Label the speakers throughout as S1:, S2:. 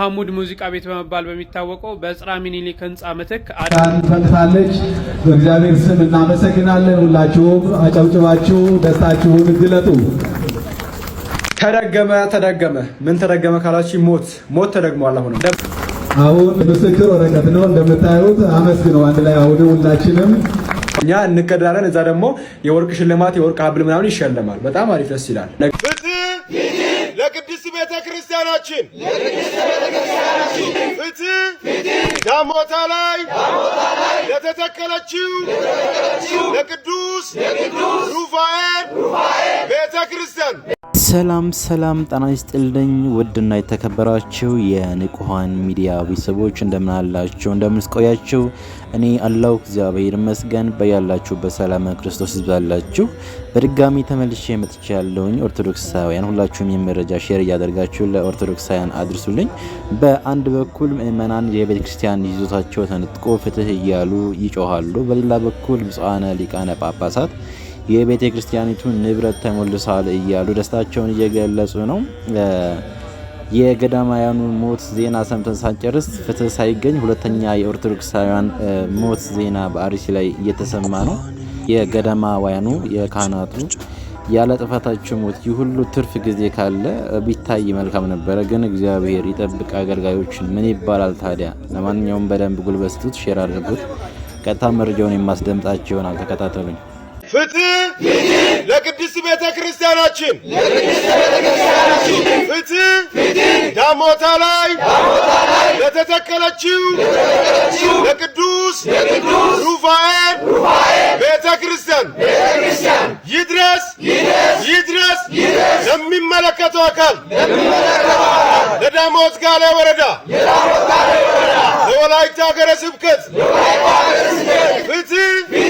S1: ማህሙድ ሙዚቃ ቤት በመባል በሚታወቀው በጽራ ሚኒሊክ ህንፃ ምትክ
S2: ፈጥራለች። በእግዚአብሔር ስም እናመሰግናለን። ሁላችሁም አጨብጭባችሁ ደስታችሁን ግለጡ።
S1: ተደገመ ተደገመ። ምን ተደገመ ካላችሁ ሞት ሞት ተደግሟል። አሁን
S2: አሁን ምስክር ወረቀት ነው እንደምታዩት። አመስግነው አንድ ላይ አሁን ሁላችንም
S1: እኛ እንቀዳለን። እዛ ደግሞ የወርቅ ሽልማት የወርቅ ሀብል ምናምን ይሸለማል። በጣም አሪፍ ደስ ይላል።
S3: ለቅድስት ቤተ ክርስቲያናችን ፍትህ ዳሞታ ላይ ለተተከለችው ለቅዱስ ሩፋኤል ቤተ ክርስቲያን
S4: ሰላም ሰላም፣ ጤና ይስጥልኝ ውድና የተከበራችሁ የንቁሃን ሚዲያ ቤተሰቦች እንደምን አላችሁ? እንደምን ስቆያችሁ? እኔ አላው እግዚአብሔር ይመስገን። በያላችሁበት ሰላም ክርስቶስ ይብዛላችሁ። በድጋሚ ተመልሼ መጥቼ ያለውኝ ኦርቶዶክሳውያን ሁላችሁም የመረጃ ሼር እያደርጋችሁ ለኦርቶዶክሳውያን አድርሱልኝ። በአንድ በኩል ምእመናን የቤተ ክርስቲያን ይዞታቸው ተነጥቆ ፍትህ እያሉ ይጮሃሉ፣ በሌላ በኩል ብፁዓነ ሊቃነ ጳጳሳት የቤተ ክርስቲያኒቱ ንብረት ተሞልሷል እያሉ ደስታቸውን እየገለጹ ነው። የገዳማውያኑ ሞት ዜና ሰምተን ሳንጨርስ ፍትህ ሳይገኝ ሁለተኛ የኦርቶዶክሳውያን ሞት ዜና በአርሲ ላይ እየተሰማ ነው። የገዳማውያኑ የካህናቱ ያለ ጥፋታቸው ሞት። ይህ ሁሉ ትርፍ ጊዜ ካለ ቢታይ መልካም ነበረ፣ ግን እግዚአብሔር ይጠብቅ አገልጋዮችን። ምን ይባላል ታዲያ? ለማንኛውም በደንብ ጉልበት ስጡት፣ ሼር አድርጉት። ቀጥታ መረጃውን የማስደምጣቸው ይሆናል። ተከታተሉኝ።
S3: ፍትህ ለቅድስት ቤተ ክርስቲያናችን፣ ፍትህ ዳሞታ ላይ ለተተከለችው ለቅዱስ ሩፋኤል ቤተ ክርስቲያን ይድረስ ይድረስ ለሚመለከተው አካል ለዳሞት ጋላ ወረዳ ለወላይታ ሀገረ ስብከት ፍትህ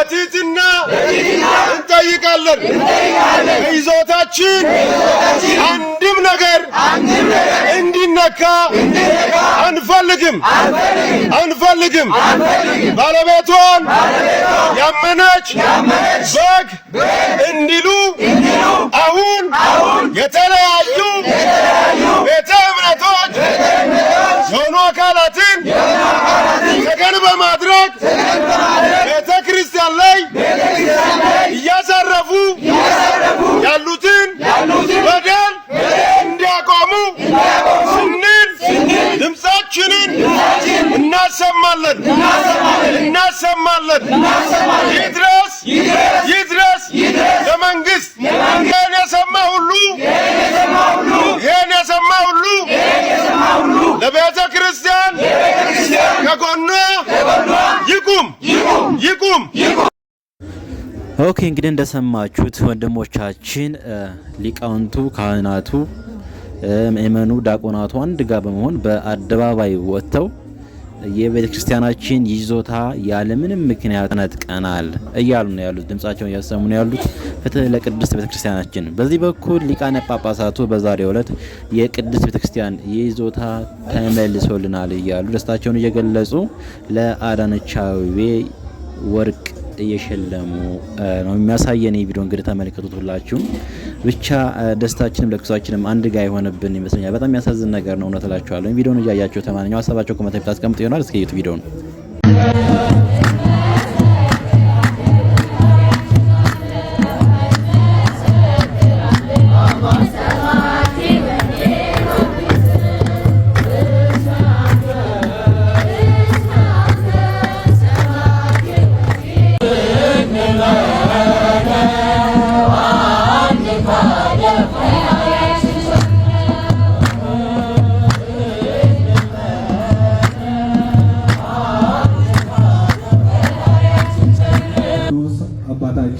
S3: በትህትና እንጠይቃለን። ይዞታችን አንድም ነገር እንዲነካ አንፈልግም አንፈልግም። ባለቤቷን ያመነች በግ እንዲሉ አሁን የተለያዩ ቤተ እምነቶች የሆኑ አካላት እናሰማለን እናሰማለን። ይድረስ ይድረስ ለመንግስት ይህን የሰማ ሁሉ ይህን የሰማ ሁሉ ለቤተ ክርስቲያን ከጎኗ ይቁም ይቁም።
S4: ኦኬ እንግዲህ እንደሰማችሁት ወንድሞቻችን ሊቃውንቱ ካህናቱ ምእመኑ ዳቆናቱ አንድ ጋር በመሆን በአደባባይ ወጥተው የቤተ ክርስቲያናችን ይዞታ ያለምንም ምክንያት ነጥቀናል እያሉ ነው ያሉት። ድምጻቸውን እያሰሙ ነው ያሉት። ፍትህ ለቅድስት ቤተ ክርስቲያናችን። በዚህ በኩል ሊቃነ ጳጳሳቱ በዛሬው ዕለት የቅድስት ቤተ ክርስቲያን ይዞታ ተመልሶልናል እያሉ ደስታቸውን እየገለጹ ለአዳነቻቤ ወርቅ እየሸለሙ ነው የሚያሳየን ይህ ቪዲዮ እንግዲህ ተመልከቱት ሁላችሁም። ብቻ ደስታችንም ለቅሷችንም አንድ ጋ የሆነብን ይመስለኛል። በጣም የሚያሳዝን ነገር ነው። እውነት እላችኋለሁ። ቪዲዮን እያያቸው ተማንኛው ሀሳባቸው ኮመንት ላይ ታስቀምጡ ይሆናል። እስከ ዩቱብ ቪዲዮ ነው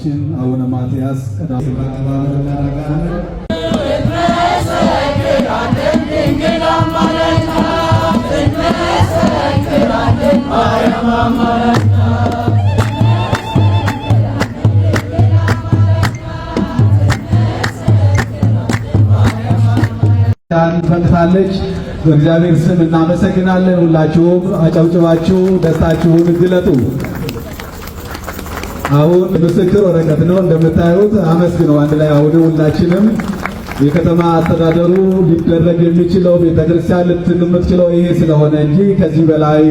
S2: አባታችን አቡነ ማትያስ ፈቅታለች። በእግዚአብሔር ስም እናመሰግናለን። ሁላችሁም አጨብጭባችሁ ደስታችሁን ግለጡ። አሁን ምስክር ወረቀት ነው እንደምታዩት። አመስግነው አንድ ላይ አሁን ሁላችንም የከተማ አስተዳደሩ ሊደረግ የሚችለው ቤተክርስቲያን ልትን የምትችለው ይሄ ስለሆነ እንጂ ከዚህ በላይ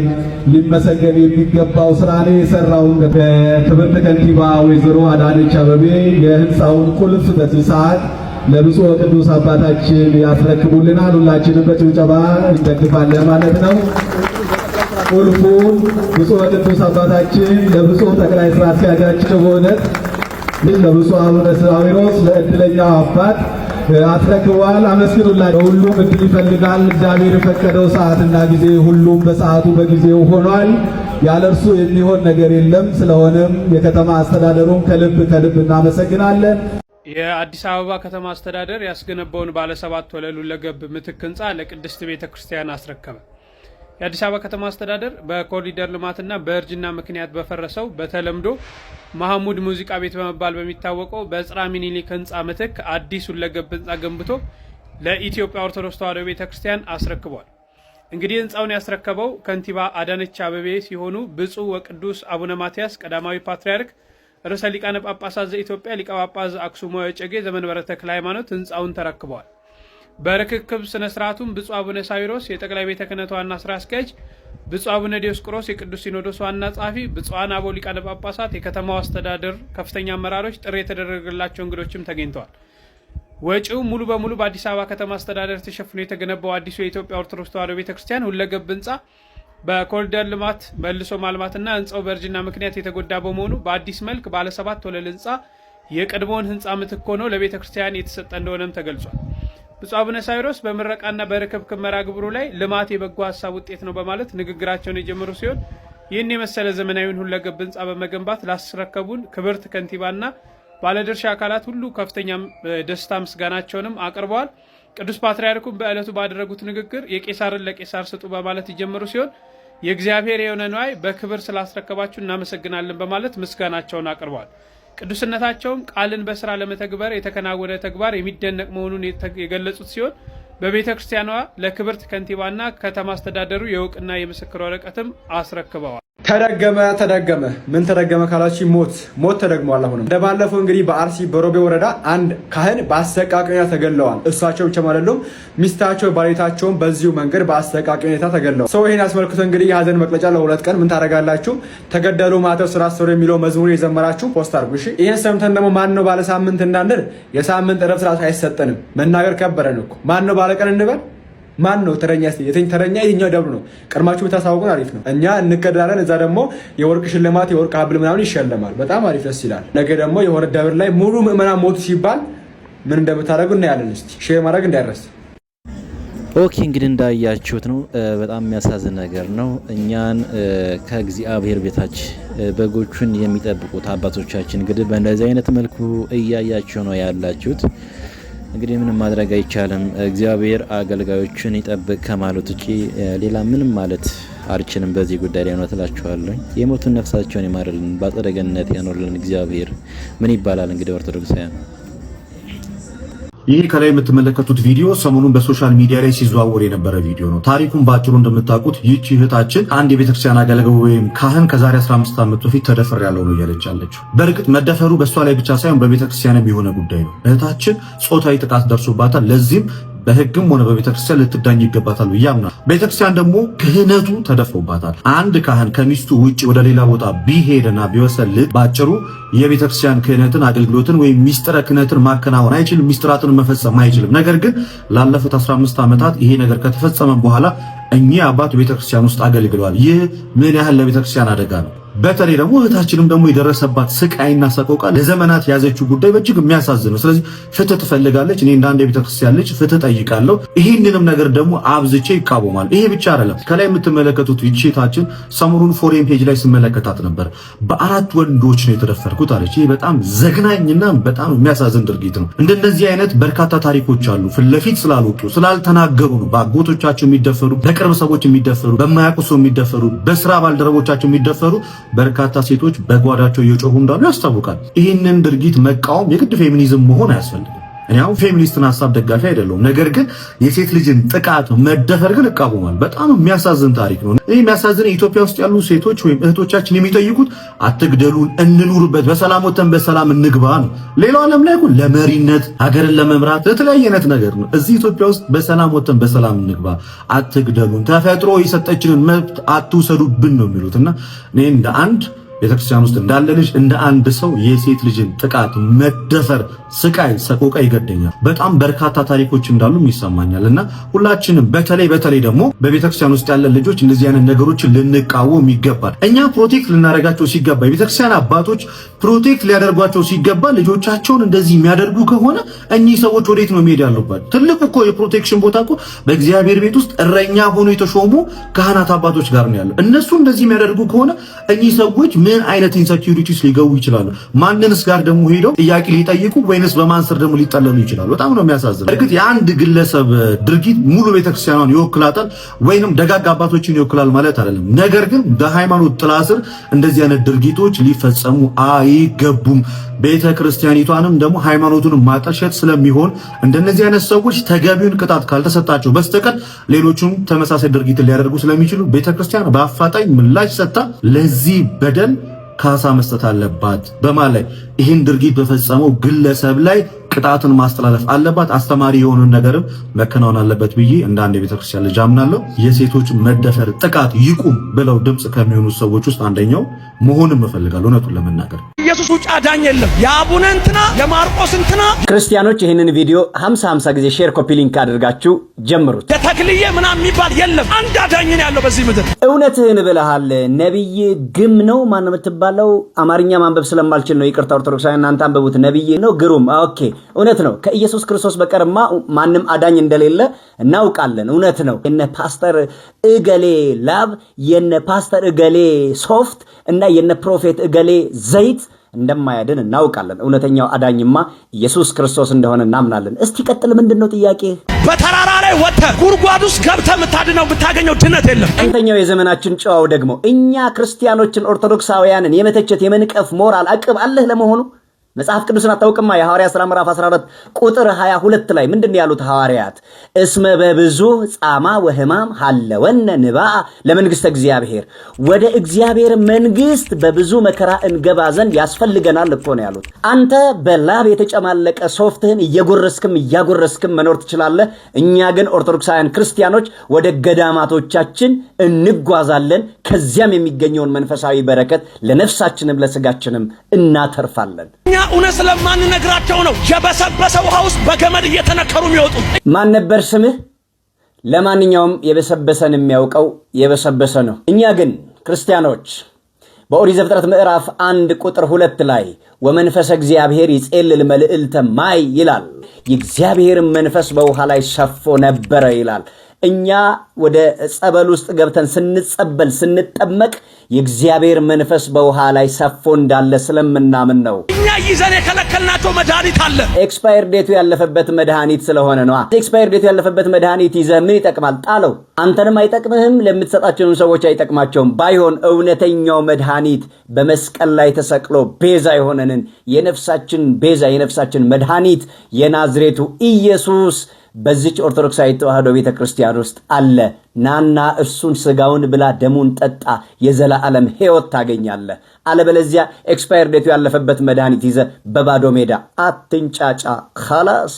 S2: ሊመሰገን የሚገባው ስራ ነው የሰራው። ክብርት ከንቲባ ወይዘሮ አዳነች አበቤ የህንፃውን ቁልፍ በዚህ ሰዓት ለብፁዕ ወቅዱስ አባታችን ያስረክቡልናል። ሁላችንም በጭብጨባ እንደግፋለን ማለት ነው። ቁልፉ ብፁዕ ቅዱስ አባታችን ለብፁዕ ጠቅላይ ስራ አስኪያጃችን በእውነት ልጅ ለብፁዕ አቡነ ሳዊሮስ ለእድለኛው አባት አስረክቧል አመስግኑላቸው። ሁሉም እድል ይፈልጋል። እግዚአብሔር የፈቀደው ሰዓትና ጊዜ ሁሉም በሰዓቱ በጊዜው ሆኗል። ያለ እርሱ የሚሆን ነገር የለም። ስለሆነም የከተማ አስተዳደሩን ከልብ ከልብ እናመሰግናለን።
S1: የአዲስ አበባ ከተማ አስተዳደር ያስገነባውን ባለሰባት ወለሉ ለገብ ምትክ ህንፃ ለቅድስት ቤተ ክርስቲያን አስረከበ። የአዲስ አበባ ከተማ አስተዳደር በኮሪደር ልማትና በእርጅና ምክንያት በፈረሰው በተለምዶ መሐሙድ ሙዚቃ ቤት በመባል በሚታወቀው በእጽራ ሚኒሊክ ህንፃ ምትክ አዲስ ሁለገብ ህንፃ ገንብቶ ለኢትዮጵያ ኦርቶዶክስ ተዋሕዶ ቤተ ክርስቲያን አስረክቧል። እንግዲህ ህንፃውን ያስረከበው ከንቲባ አዳነች አበቤ ሲሆኑ ብፁዕ ወቅዱስ አቡነ ማትያስ ቀዳማዊ ፓትርያርክ ርዕሰ ሊቃነ ጳጳሳት ዘኢትዮጵያ ሊቀ ጳጳስ ዘአክሱማዊ እጨጌ ዘመንበረ ተክለ ሃይማኖት ህንፃውን ተረክበዋል። በርክክብ ስነ ስርዓቱም ብፁዕ አቡነ ሳዊሮስ የጠቅላይ ቤተ ክህነት ዋና ስራ አስኪያጅ፣ ብፁዕ አቡነ ዲዮስቆሮስ የቅዱስ ሲኖዶስ ዋና ጸሐፊ፣ ብፁዓን አበው ሊቃነ ጳጳሳት፣ የከተማው አስተዳደር ከፍተኛ አመራሮች፣ ጥሪ የተደረገላቸው እንግዶችም ተገኝተዋል። ወጪው ሙሉ በሙሉ በአዲስ አበባ ከተማ አስተዳደር ተሸፍኖ የተገነባው አዲሱ የኢትዮጵያ ኦርቶዶክስ ተዋሕዶ ቤተ ክርስቲያን ሁለገብ ህንፃ በኮሪደር ልማት መልሶ ማልማትና ህንፃው በእርጅና ምክንያት የተጎዳ በመሆኑ በአዲስ መልክ ባለሰባት ወለል ህንፃ የቀድሞውን ህንፃ ምትክ ሆኖ ለቤተ ክርስቲያን የተሰጠ እንደሆነም ተገልጿል። ብፁዕ አቡነ ሳይሮስ በምረቃና በርክብ ክመራ ግብሩ ላይ ልማት የበጎ ሀሳብ ውጤት ነው በማለት ንግግራቸውን የጀመሩ ሲሆን ይህን የመሰለ ዘመናዊን ሁለገብ ህንፃ በመገንባት ላስረከቡን ክብርት ከንቲባና ባለድርሻ አካላት ሁሉ ከፍተኛ ደስታ ምስጋናቸውንም አቅርበዋል። ቅዱስ ፓትርያርኩን በዕለቱ ባደረጉት ንግግር የቄሳርን ለቄሳር ስጡ በማለት የጀመሩ ሲሆን የእግዚአብሔር የሆነ ንዋይ በክብር ስላስረከባችሁ እናመሰግናለን በማለት ምስጋናቸውን አቅርበዋል። ቅዱስነታቸውም ቃልን በስራ ለመተግበር የተከናወነ ተግባር የሚደነቅ መሆኑን የገለጹት ሲሆን በቤተ ክርስቲያኗ ለክብርት ከንቲባና ከተማ አስተዳደሩ የእውቅና የምስክር ወረቀትም አስረክበዋል።
S2: ተደገመ ተደገመ። ምን ተደገመ ካላችሁ ሞት ሞት ተደግሟል። አሁንም እንደባለፈው እንግዲህ በአርሲ በሮቤ ወረዳ አንድ ካህን በአሰቃቂ ሁኔታ ተገለዋል። እሳቸው ብቻ አይደሉም፣ ሚስታቸው ባለቤታቸውም በዚሁ መንገድ በአሰቃቂ ሁኔታ ተገለዋል። ሰው ይሄን አስመልክቶ እንግዲህ የሀዘን መግለጫ ለሁለት ቀን ምን ታደርጋላችሁ ተገደሉ ማተብ ስራ ሰሩ የሚለው መዝሙር የዘመራችሁ ፖስት አድርጉ። እሺ ይሄን ሰምተን ደግሞ ማን ነው ባለ ሳምንት እንዳንል የሳምንት እረፍት ራሱ አይሰጠንም። መናገር ከበረን እኮ ማን ነው ባለቀን እንበል ማን ነው ተረኛ? ተረኛ የትኛው ደብሉ ነው? ቀድማችሁ ብታሳውቁን አሪፍ ነው። እኛ እንቀዳለን። እዛ ደግሞ የወርቅ ሽልማት የወርቅ ሀብል ምናምን ይሸለማል። በጣም አሪፍ ደስ ይላል። ነገ ደግሞ የሆነ ደብር ላይ ሙሉ ምእመና ሞቱ ሲባል ምን እንደምታደርጉ እናያለን። እስኪ ሼር ማድረግ እንዳይረስ።
S4: ኦኬ እንግዲህ እንዳያችሁት ነው። በጣም የሚያሳዝን ነገር ነው። እኛን ከእግዚአብሔር ቤታች በጎቹን የሚጠብቁት አባቶቻችን እንግዲህ በእንደዚህ አይነት መልኩ እያያችሁ ነው ያላችሁት። እንግዲህ ምንም ማድረግ አይቻልም። እግዚአብሔር አገልጋዮችን ይጠብቅ ከማለት ውጪ ሌላ ምንም ማለት አልችልም። በዚህ ጉዳይ ላይ ነው እላችኋለሁ። የሞቱን ነፍሳቸውን ይማርልን፣ በአጸደ ገነት ያኖርልን እግዚአብሔር። ምን ይባላል እንግዲህ ኦርቶዶክሳውያን
S2: ይህ ከላይ የምትመለከቱት ቪዲዮ ሰሞኑን በሶሻል ሚዲያ ላይ ሲዘዋወር የነበረ ቪዲዮ ነው። ታሪኩን በአጭሩ እንደምታውቁት ይቺ እህታችን አንድ የቤተክርስቲያን አገልጋይ ወይም ካህን ከዛሬ 15 ዓመት በፊት ተደፈር ያለው ነው እያለች አለችው። በእርግጥ መደፈሩ በእሷ ላይ ብቻ ሳይሆን በቤተክርስቲያንም የሆነ ጉዳይ ነው። እህታችን ጾታዊ ጥቃት ደርሶባታል። ለዚህም በህግም ሆነ በቤተክርስቲያን ልትዳኝ ይገባታል ብዬ አምናለሁ። ቤተክርስቲያን ደግሞ ክህነቱ ተደፍሮባታል። አንድ ካህን ከሚስቱ ውጭ ወደ ሌላ ቦታ ቢሄድና ቢወሰልት ባጭሩ የቤተክርስቲያን ክህነትን አገልግሎትን ወይም ሚስጥረ ክህነትን ማከናወን አይችልም፣ ሚስጥራትን መፈጸም አይችልም። ነገር ግን ላለፉት 15 ዓመታት ይሄ ነገር ከተፈጸመ በኋላ እኚህ አባት ቤተክርስቲያን ውስጥ አገልግለዋል። ይህ ምን ያህል ለቤተክርስቲያን አደጋ ነው? በተለይ ደግሞ እህታችንም ደግሞ የደረሰባት ስቃይና ሰቆቃ ለዘመናት የያዘችው ጉዳይ በእጅግ የሚያሳዝን ነው። ስለዚህ ፍትህ ትፈልጋለች። እኔ እንዳንድ ቤተክርስቲያን የቤተክርስቲያን ልጅ ፍትህ ጠይቃለሁ። ይህንንም ነገር ደግሞ አብዝቼ ይቃወማል። ይሄ ብቻ አይደለም። ከላይ የምትመለከቱት ይቼታችን ሰሞኑን ፎሬን ፔጅ ላይ ስመለከታት ነበር። በአራት ወንዶች ነው የተደፈርኩት አለች። ይህ በጣም ዘግናኝና በጣም የሚያሳዝን ድርጊት ነው። እንደነዚህ አይነት በርካታ ታሪኮች አሉ። ፊት ለፊት ስላልወጡ ስላልተናገሩ ነው በአጎቶቻቸው የሚደፈሩ፣ በቅርብ ሰዎች የሚደፈሩ፣ በማያውቁ ሰው የሚደፈሩ፣ በስራ ባልደረቦቻቸው የሚደፈሩ በርካታ ሴቶች በጓዳቸው እየጮሁ እንዳሉ ያስታውቃል። ይህንን ድርጊት መቃወም የግድ ፌሚኒዝም መሆን አያስፈልግም። እኔ አሁን ፌሚኒስትን ሀሳብ ደጋፊ አይደለሁም። ነገር ግን የሴት ልጅን ጥቃት መደፈር ግን እቃወማል። በጣም የሚያሳዝን ታሪክ ነው። ይህ የሚያሳዝን ኢትዮጵያ ውስጥ ያሉ ሴቶች ወይም እህቶቻችን የሚጠይቁት አትግደሉን፣ እንኑርበት፣ በሰላም ወተን በሰላም እንግባ ነው። ሌላው ዓለም ላይ ለመሪነት ሀገርን ለመምራት ለተለያየ አይነት ነገር ነው። እዚህ ኢትዮጵያ ውስጥ በሰላም ወተን በሰላም እንግባ፣ አትግደሉን፣ ተፈጥሮ የሰጠችንን መብት አትውሰዱብን ነው የሚሉት እና እኔ እንደ አንድ ቤተክርስቲያን ውስጥ እንዳለ ልጅ እንደ አንድ ሰው የሴት ልጅን ጥቃት፣ መደፈር፣ ስቃይ፣ ሰቆቃ ይገደኛል። በጣም በርካታ ታሪኮች እንዳሉም ይሰማኛል እና ሁላችንም በተለይ በተለይ ደግሞ በቤተክርስቲያን ውስጥ ያለን ልጆች እንደዚህ አይነት ነገሮችን ልንቃወም ይገባል። እኛ ፕሮቴክት ልናደርጋቸው ሲገባ፣ የቤተክርስቲያን አባቶች ፕሮቴክት ሊያደርጓቸው ሲገባ ልጆቻቸውን እንደዚህ የሚያደርጉ ከሆነ እኚህ ሰዎች ወዴት ነው መሄድ ያሉባት? ትልቅ እኮ የፕሮቴክሽን ቦታ እኮ በእግዚአብሔር ቤት ውስጥ እረኛ ሆኖ የተሾሙ ካህናት አባቶች ጋር ነው ያለው። እነሱ እንደዚህ የሚያደርጉ ከሆነ እኚህ ሰዎች ምን አይነት ኢንሰኪዩሪቲስ ሊገቡ ይችላሉ? ማንንስ ጋር ደግሞ ሄደው ጥያቄ ሊጠይቁ ወይንስ ስር ደግሞ ሊጠለሉ ይችላሉ? በጣም ነው የሚያሳዝነው። እርግጥ የአንድ ግለሰብ ድርጊት ሙሉ ቤተክርስቲያኗን ይወክላታል ወይንም ደጋግ አባቶችን ይወክላል ማለት አይደለም። ነገር ግን በሃይማኖት ጥላ ስር እንደዚህ አይነት ድርጊቶች ሊፈጸሙ አይገቡም። ቤተ ክርስቲያኒቷንም ደግሞ ሃይማኖቱን ማጠልሸት ስለሚሆን እንደነዚህ አይነት ሰዎች ተገቢውን ቅጣት ካልተሰጣቸው በስተቀር ሌሎቹም ተመሳሳይ ድርጊት ሊያደርጉ ስለሚችሉ ቤተ ክርስቲያን በአፋጣኝ ምላሽ ሰጥታ ለዚህ በደል ካሳ መስጠት አለባት በማለት ይህን ድርጊት በፈጸመው ግለሰብ ላይ ቅጣትን ማስተላለፍ አለባት። አስተማሪ የሆኑን ነገርም መከናወን አለበት ብዬ እንደ አንድ የቤተክርስቲያን ልጅ አምናለሁ። የሴቶች መደፈር ጥቃት ይቁም ብለው ድምፅ ከሚሆኑ ሰዎች ውስጥ አንደኛው መሆንም እፈልጋለሁ። እውነቱን ለመናገር
S1: ኢየሱስ ውጭ አዳኝ የለም። የአቡነ እንትና የማርቆስ እንትና
S4: ክርስቲያኖች ይህንን ቪዲዮ 50 50 ጊዜ ሼር፣ ኮፒ ሊንክ አድርጋችሁ ጀምሩት።
S1: የተክልዬ ምናምን የሚባል የለም። አንድ አዳኝ ነው ያለው በዚህ ምድር። እውነትህን ብለሃል ነብይ ግም ነው ማን ነው የምትባለው? አማርኛ ማንበብ ስለማልችል ነው። ይቅርታ ኦርቶዶክሳውያን፣ እናንተ አንብቡት። ነብይ ነው ግሩም። ኦኬ እውነት ነው። ከኢየሱስ ክርስቶስ በቀርማ ማንም አዳኝ እንደሌለ እናውቃለን። እውነት ነው። የነ ፓስተር እገሌ ላብ የነ ፓስተር እገሌ ሶፍት እና የነ ፕሮፌት እገሌ ዘይት እንደማያድን እናውቃለን። እውነተኛው አዳኝማ ኢየሱስ ክርስቶስ እንደሆነ እናምናለን። እስቲ ቀጥል። ምንድን ነው ጥያቄ? በተራራ ላይ ወተ ጉድጓድ ውስጥ ገብተ የምታድነው የምታገኘው ድነት የለም። ሁለተኛው የዘመናችን ጨዋው ደግሞ እኛ ክርስቲያኖችን ኦርቶዶክሳውያንን የመተቸት የመንቀፍ ሞራል አቅም አለህ ለመሆኑ? መጽሐፍ ቅዱስን አታውቅማ። የሐዋርያት ሥራ ምዕራፍ 14 ቁጥር 22 ላይ ምንድን ያሉት ሐዋርያት? እስመ በብዙ ጻማ ወህማም ሀለወነ ንባአ ለመንግሥተ እግዚአብሔር፣ ወደ እግዚአብሔር መንግሥት በብዙ መከራ እንገባ ዘንድ ያስፈልገናል እኮ ነው ያሉት። አንተ በላብ የተጨማለቀ ሶፍትህን እየጎረስክም እያጎረስክም መኖር ትችላለህ። እኛ ግን ኦርቶዶክሳውያን ክርስቲያኖች ወደ ገዳማቶቻችን እንጓዛለን። ከዚያም የሚገኘውን መንፈሳዊ በረከት ለነፍሳችንም ለስጋችንም እናተርፋለን። እውነት ስለማንነግራቸው ነው የበሰበሰ ውሃ ውስጥ በገመድ እየተነከሩ የሚወጡ። ማን ነበር ስምህ? ለማንኛውም የበሰበሰን የሚያውቀው የበሰበሰ ነው። እኛ ግን ክርስቲያኖች በኦሪት ዘፍጥረት ምዕራፍ አንድ ቁጥር ሁለት ላይ ወመንፈሰ እግዚአብሔር ይጼልል መልዕልተ ማይ ይላል። የእግዚአብሔርን መንፈስ በውሃ ላይ ሰፎ ነበረ ይላል። እኛ ወደ ጸበል ውስጥ ገብተን ስንጸበል ስንጠመቅ የእግዚአብሔር መንፈስ በውሃ ላይ ሰፎ እንዳለ ስለምናምን ነው። እኛ ይዘን የከለከልናቸው መድኃኒት አለ። ኤክስፓየር ዴቱ ያለፈበት መድኃኒት ስለሆነ ነዋ። ኤክስፓየር ዴቱ ያለፈበት መድኃኒት ይዘህ ምን ይጠቅማል? ጣለው። አንተንም አይጠቅምህም፣ ለምትሰጣቸውን ሰዎች አይጠቅማቸውም። ባይሆን እውነተኛው መድኃኒት በመስቀል ላይ ተሰቅሎ ቤዛ የሆነንን የነፍሳችን ቤዛ የነፍሳችን መድኃኒት የናዝሬቱ ኢየሱስ በዚች ኦርቶዶክሳዊ ተዋህዶ ቤተ ክርስቲያን ውስጥ አለ። ናና እርሱን ስጋውን ብላ ደሙን ጠጣ፣ የዘላለም ሕይወት ታገኛለህ። አለበለዚያ ኤክስፓየር ዴቱ ያለፈበት መድኃኒት ይዘ በባዶ ሜዳ አትንጫጫ። ኸላስ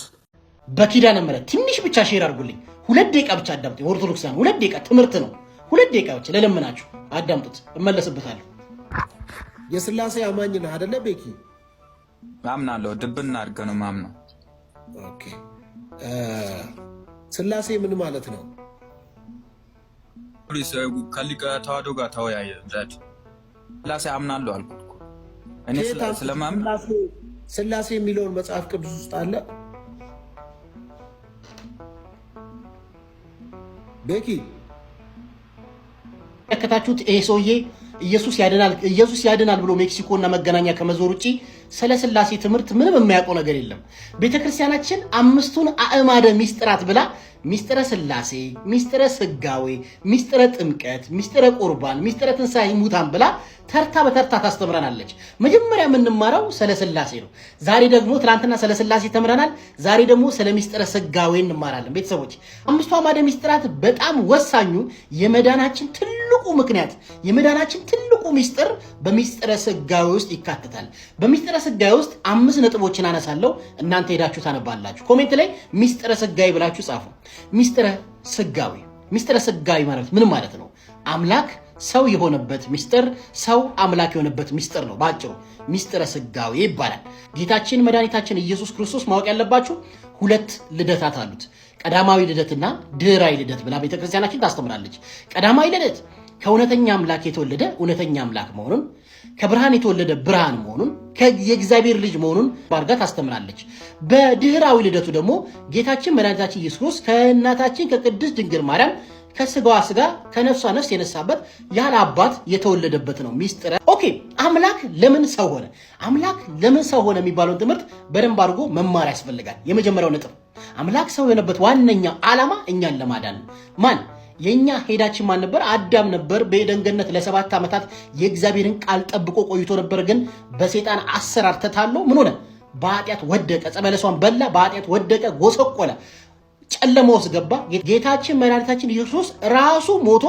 S1: በኪዳነ ምሕረት ትንሽ ብቻ ሼር አድርጉልኝ። ሁለት ደቂቃ ብቻ አዳምጡ። ኦርቶዶክሳን ሁለት ደቂቃ ትምህርት ነው። ሁለት ደቂቃ ብቻ ለለምናችሁ አዳምጡት፣ እመለስበታለሁ። የስላሴ አማኝ ነህ አደለ ቤኪ?
S4: ማምናለሁ። ድብና አድርገህ ነው ማምነው
S1: ስላሴ ምን ማለት ነው?
S4: ከሊቀ ተዋሕዶ ጋር ተወያየ። ስላሴ አምናለሁ አልኩት።
S1: ስላሴ የሚለውን መጽሐፍ ቅዱስ ውስጥ አለ። ቤኪ ያከታችሁት ይሄ ሰውዬ ኢየሱስ ያድናል ኢየሱስ ያድናል ብሎ ሜክሲኮ እና መገናኛ ከመዞር ውጭ ስለ ስላሴ ትምህርት ምንም የሚያውቀው ነገር የለም። ቤተ ክርስቲያናችን አምስቱን አእማደ ሚስጥራት ብላ ሚስጥረ ስላሴ፣ ሚስጥረ ስጋዌ፣ ሚስጥረ ጥምቀት፣ ሚስጥረ ቁርባን፣ ሚስጥረ ትንሣኤ ሙታን ብላ ተርታ በተርታ ታስተምረናለች። መጀመሪያ የምንማረው ስለ ስላሴ ነው። ዛሬ ደግሞ ትናንትና ስለ ስላሴ ተምረናል። ዛሬ ደግሞ ስለ ሚስጥረ ስጋዌ እንማራለን። ቤተሰቦች አምስቱ አእማደ ሚስጥራት በጣም ወሳኙ የመዳናችን ትልቁ ምክንያት የመዳናችን ትልቁ ሚስጥር በሚስጥረ ስጋዌ ውስጥ ይካተታል። በሚስጥረ ስጋዌ ውስጥ አምስት ነጥቦችን አነሳለሁ። እናንተ ሄዳችሁ ታነባላችሁ። ኮሜንት ላይ ሚስጥረ ስጋዌ ብላችሁ ጻፉ። ሚስጥረ ስጋዌ ሚስጥረ ስጋዌ ማለት ምን ማለት ነው? አምላክ ሰው የሆነበት ሚስጥር፣ ሰው አምላክ የሆነበት ሚስጥር ነው። በአጭሩ ሚስጥረ ስጋዌ ይባላል። ጌታችን መድኃኒታችን ኢየሱስ ክርስቶስ ማወቅ ያለባችሁ ሁለት ልደታት አሉት። ቀዳማዊ ልደትና ድህራዊ ልደት ብላ ቤተክርስቲያናችን ታስተምራለች። ቀዳማዊ ልደት ከእውነተኛ አምላክ የተወለደ እውነተኛ አምላክ መሆኑን ከብርሃን የተወለደ ብርሃን መሆኑን የእግዚአብሔር ልጅ መሆኑን ባርጋ ታስተምራለች። በድህራዊ ልደቱ ደግሞ ጌታችን መድኃኒታችን ኢየሱስ ክርስቶስ ከእናታችን ከቅድስት ድንግል ማርያም ከስጋዋ ስጋ ከነፍሷ ነፍስ የነሳበት ያለ አባት የተወለደበት ነው ሚስጥረ። ኦኬ አምላክ ለምን ሰው ሆነ? አምላክ ለምን ሰው ሆነ የሚባለውን ትምህርት በደንብ አድርጎ መማር ያስፈልጋል። የመጀመሪያው ነጥብ አምላክ ሰው የሆነበት ዋነኛው ዓላማ እኛን ለማዳን ነው። ማን የእኛ ሄዳችን ማን ነበር? አዳም ነበር። በኤደን ገነት ለሰባት ዓመታት የእግዚአብሔርን ቃል ጠብቆ ቆይቶ ነበር። ግን በሴጣን አሰራር ተታሎ ምን ሆነ? በኃጢአት ወደቀ። ዕፀ በላ፣ በኃጢአት ወደቀ፣ ጎሰቆለ፣ ጨለማ ውስጥ ገባ። ጌታችን መድኃኒታችን ኢየሱስ ራሱ ሞቶ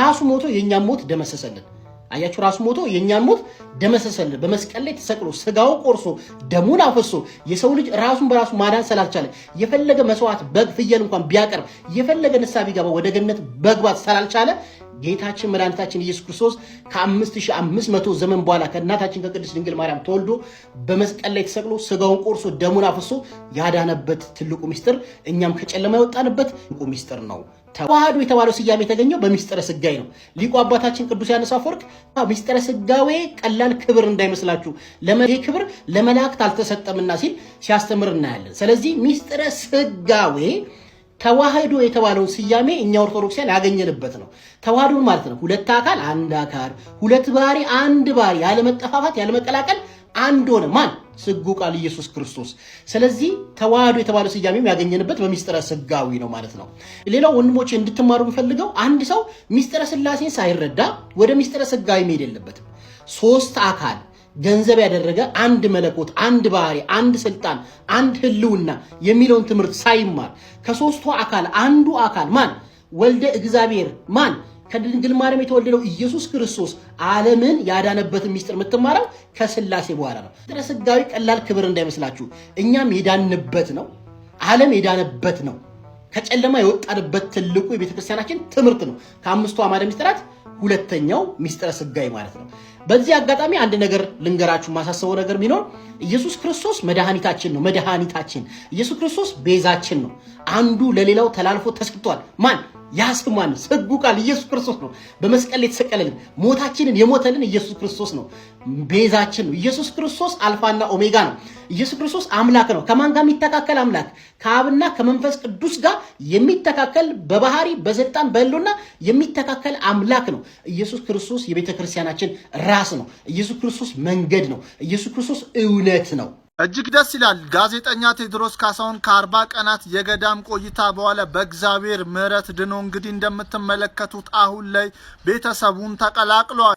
S1: ራሱ ሞቶ የእኛም ሞት ደመሰሰልን። አያችሁ ራሱ ሞቶ የእኛን ሞት ደመሰሰልን። በመስቀል ላይ ተሰቅሎ ስጋው ቆርሶ ደሙን አፈሶ የሰው ልጅ ራሱን በራሱ ማዳን ስላልቻለ የፈለገ መስዋዕት በግ፣ ፍየል እንኳን ቢያቀርብ የፈለገ ንስሐ ቢገባ ወደ ገነት መግባት ስላልቻለ ጌታችን መድኃኒታችን ኢየሱስ ክርስቶስ ከ5500 ዘመን በኋላ ከእናታችን ከቅድስት ድንግል ማርያም ተወልዶ በመስቀል ላይ ተሰቅሎ ስጋውን ቆርሶ ደሙን አፍሶ ያዳነበት ትልቁ ሚስጥር እኛም ከጨለማ የወጣንበት ትልቁ ሚስጥር ነው። ተዋህዶ የተባለው ስያሜ የተገኘው በሚስጥረ ስጋዌ ነው። ሊቁ አባታችን ቅዱስ ያነሳ ፎርክ ሚስጥረ ስጋዌ ቀላል ክብር እንዳይመስላችሁ ይህ ክብር ለመላእክት አልተሰጠምና ሲል ሲያስተምር እናያለን። ስለዚህ ሚስጥረ ስጋዌ ተዋህዶ የተባለውን ስያሜ እኛ ኦርቶዶክሲያን ያገኘንበት ነው። ተዋህዶ ማለት ነው ሁለት አካል አንድ አካል፣ ሁለት ባህሪ አንድ ባህሪ፣ ያለመጠፋፋት ያለመቀላቀል አንድ ሆነ ማን ስጉ ቃል ኢየሱስ ክርስቶስ። ስለዚህ ተዋህዶ የተባለ ስያሜም ያገኘንበት በሚስጥረ ስጋዊ ነው ማለት ነው። ሌላው ወንድሞች እንድትማሩ የሚፈልገው አንድ ሰው ሚስጥረ ስላሴን ሳይረዳ ወደ ሚስጥረ ስጋዊ መሄድ የለበትም። ሶስት አካል ገንዘብ ያደረገ አንድ መለኮት፣ አንድ ባህሪ፣ አንድ ስልጣን፣ አንድ ህልውና የሚለውን ትምህርት ሳይማር ከሶስቱ አካል አንዱ አካል ማን ወልደ እግዚአብሔር ማን ከድንግል ማርያም የተወለደው ኢየሱስ ክርስቶስ ዓለምን ያዳነበትን ሚስጥር የምትማረው ከስላሴ በኋላ ነው። ጥረ ስጋዊ ቀላል ክብር እንዳይመስላችሁ። እኛም የዳንበት ነው፣ ዓለም የዳነበት ነው። ከጨለማ የወጣንበት ትልቁ የቤተክርስቲያናችን ትምህርት ነው። ከአምስቱ አዕማደ ሚስጥራት ሁለተኛው ሚስጥረ ስጋዊ ማለት ነው። በዚህ አጋጣሚ አንድ ነገር ልንገራችሁ። ማሳሰበው ነገር ቢኖር ኢየሱስ ክርስቶስ መድኃኒታችን ነው። መድኃኒታችን ኢየሱስ ክርስቶስ ቤዛችን ነው። አንዱ ለሌላው ተላልፎ ተሰጥቷል። ማን ያስማን ስጉ ቃል ኢየሱስ ክርስቶስ ነው። በመስቀል ላይ የተሰቀለልን ሞታችንን የሞተልን ኢየሱስ ክርስቶስ ነው። ቤዛችን ነው። ኢየሱስ ክርስቶስ አልፋና ኦሜጋ ነው። ኢየሱስ ክርስቶስ አምላክ ነው። ከማን ጋር የሚተካከል አምላክ? ከአብና ከመንፈስ ቅዱስ ጋር የሚተካከል በባህሪ በስልጣን በህልውና የሚተካከል አምላክ ነው። ኢየሱስ ክርስቶስ የቤተ ክርስቲያናችን ራስ ነው። ኢየሱስ ክርስቶስ መንገድ ነው። ኢየሱስ ክርስቶስ እውነት ነው። እጅግ ደስ ይላል። ጋዜጠኛ ቴዎድሮስ ካሳሁን ከአርባ ቀናት የገዳም ቆይታ በኋላ በእግዚአብሔር ምሕረት ድኖ እንግዲህ እንደምትመለከቱት አሁን ላይ ቤተሰቡን ተቀላቅሏል።